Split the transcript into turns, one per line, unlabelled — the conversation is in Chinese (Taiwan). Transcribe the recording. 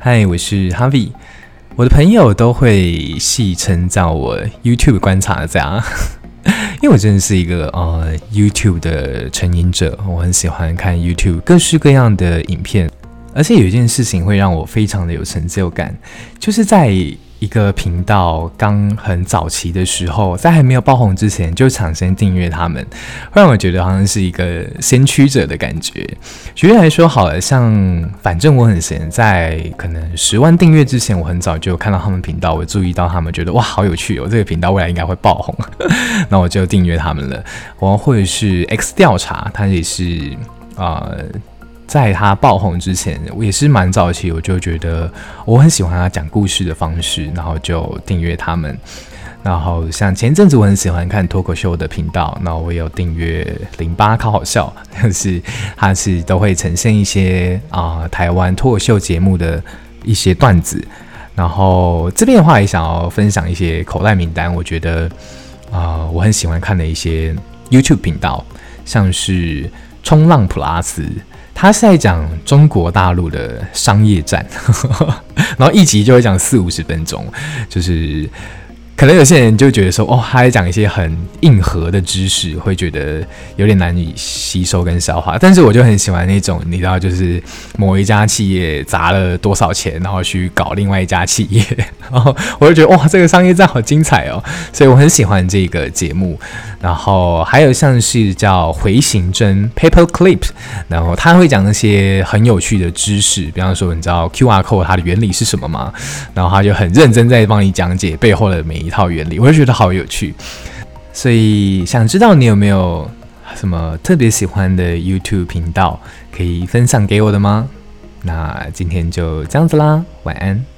嗨，我是 Harvie。我的朋友都會戲稱叫我 YouTube 觀察家，因為我真的是一個呃 YouTube 的成癮者。我很喜歡看 YouTube 各式各樣的影片，而且有一件事情會讓我非常的有成就感，就是在，一個頻道剛很早期的時候，在還沒有爆紅之前就搶先訂閱他們，會讓我覺得好像是一個先驅者的感覺。舉例來說好了，像反正我很閒，在可能十萬訂閱之前，我很早就看到他們頻道，我注意到他們，覺得哇，好有趣哦，這個頻道未來應該會爆紅，那 我就訂閱他們了。或者是 X 調查，它也是啊。呃在他爆紅之前，我也是蠻早期，我就覺得我很喜歡他講故事的方式，然後就訂閱他們。然後像前陣子，我很喜歡看脫口秀的頻道，那我也有訂閱零八考好笑，但、就是他是都會呈現一些啊、呃、台灣脫口秀節目的一些段子。然後這邊的話，也想要分享一些口袋名單，我覺得啊、呃、我很喜歡看的一些 YouTube 頻道，像是衝浪普拉斯。他是在講中國大陸的商業戰， 然後一集就會講四五十分鐘，就是。可能有些人就覺得說，哦，他在講一些很硬核的知識，會覺得有點難以吸收跟消化。但是我就很喜歡那種，你知道，就是某一家企業砸了多少錢，然後去搞另外一家企業，然後我就覺得哇、哦，這個商業戰好精彩哦！所以我很喜歡這個節目。然後還有像是叫回形針 （paper clip），然後他會講那些很有趣的知識，比方說，你知道 QR code 它的原理是什麼嗎？然後他就很認真在幫你講解背後的每一。一套原理，我就覺得好有趣，所以想知道你有沒有什麼特別喜歡的 YouTube 頻道可以分享給我的嗎？那今天就這樣子啦，晚安。